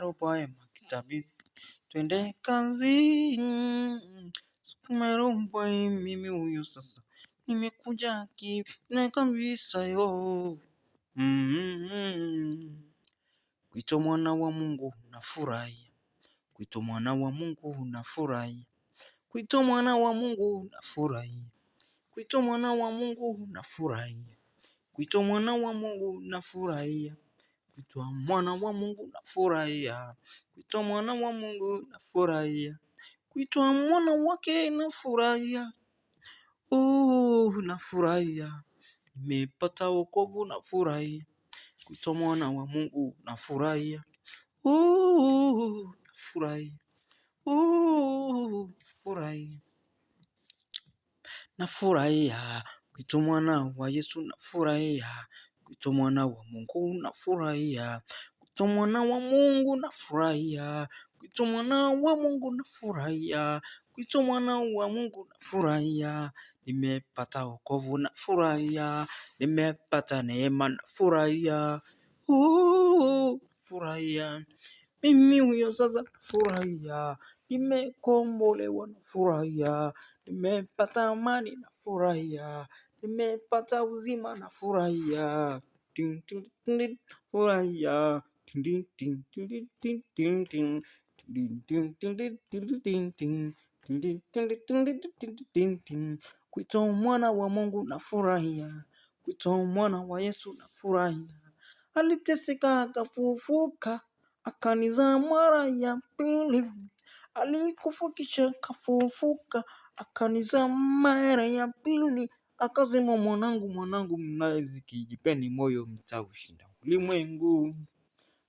Maro poema twende kazi, sukumero mbai mimi huyo sasa nimekuja kivile kabisa yo mm Kuitwa mwana wa Mungu nafurahi, kuitwa mwana wa Mungu nafurahi, kuitwa mwana wa Mungu nafurahi, kuitwa mwana wa Mungu nafurahia kuitwa mwana wa Mungu nafurahia. Kuitwa mwana wa Mungu furahia, kuitwa mwana wa Mungu na furahia, kuitwa mwana wake Oh, na furahia, nimepata wokovu furahia, kuitwa mwana wa Mungu na furahia. Oh, furahia. Na furahia, kuitwa mwana wa Yesu na furahia kuitwa mwana wa Mungu nafurahia, kuitwa mwana wa Mungu nafurahia, kuitwa mwana wa Mungu nafurahia, kuitwa mwana wa Mungu nafurahia. Nimepata wokovu nafurahia, nimepata neema nafurahia, furahia mimi huyo sasa nafurahia, nimekombolewa nafurahia, nimepata amani nafurahia nimepata uzima na furahia furahia Kuitwa mwana wa Mungu na furahia, kuitwa mwana wa Yesu na furahia. Aliteseka akafufuka, akanizaa mara ya pili. Alikufa kisha akafufuka, akanizaa mara ya pili. Akasema, mwanangu, mwanangu, mnazi kijipeni moyo mta ushinda ulimwengu.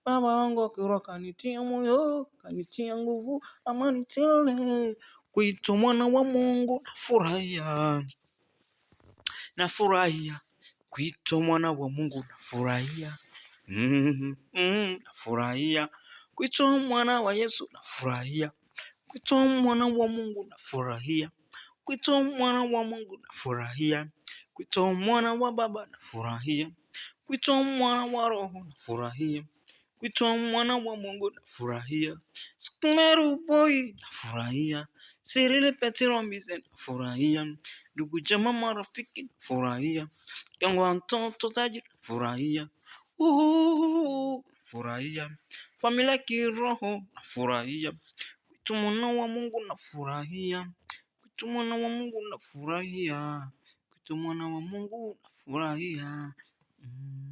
Baba wangu akirwa kanitia moyo, kanitia nguvu, amani tele, kuitwa mwana wa Mungu nafurahia, nafurahia kuitwa mwana wa Mungu nafurahia. Mm, mm, nafurahia kuitwa mwana wa Yesu nafurahia, kuitwa mwana wa Mungu nafurahia. Kuitwa mwana wa Mungu nafurahia, kuitwa mwana wa Baba nafurahia, kuitwa mwana wa Roho nafurahia, kuitwa mwana wa Mungu nafurahia, Sikumeru Boy nafurahia, Sirili Petro Mbize nafurahia, ndugu jamaa marafiki nafurahia, kangwa mtoto tajiri nafurahia, uhuhu familia kiroho nafurahia, kuitwa mwana wa Mungu nafurahia. Kitu mwana wa Mungu nafurahia, kitu mwana wa Mungu nafurahia. Mm.